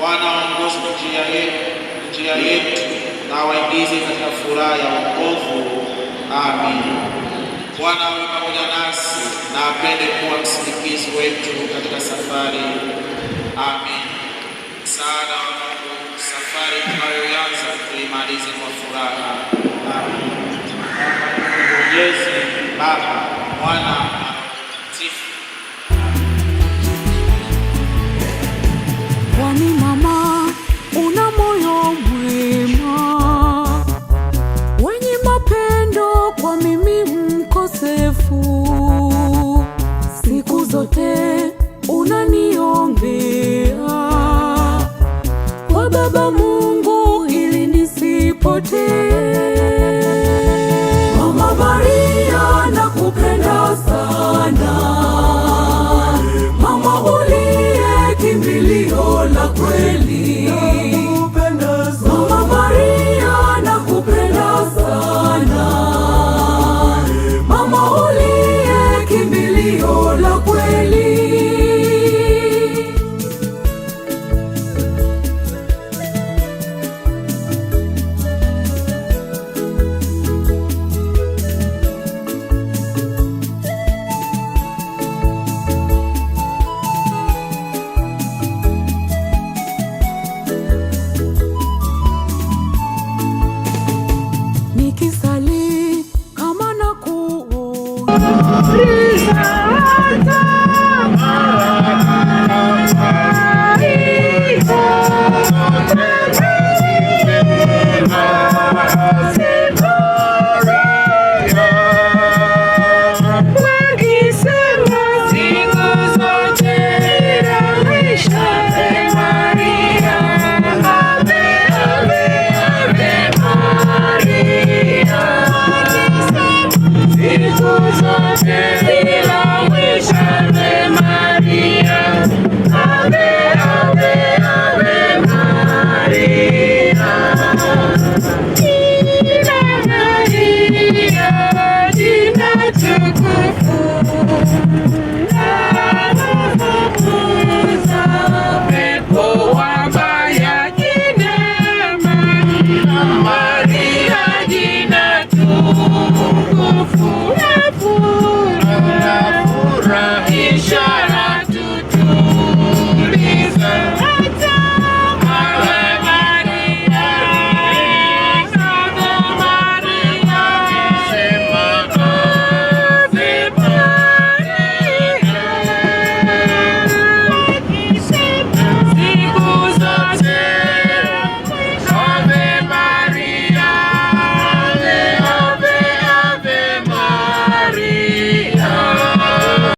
Bwana waongozi njia yetu na waingize katika furaha ya wokovu. Amin. Bwana awe pamoja nasi na apende kuwa msindikizi wetu katika safari. Amin. Sana wa Mungu, safari tunayoanza tuimalize kwa furaha. Amin. Mwenyezi Baba, Mwana chochote unaniombea kwa Baba Mungu nikisali kama na kuona Oh,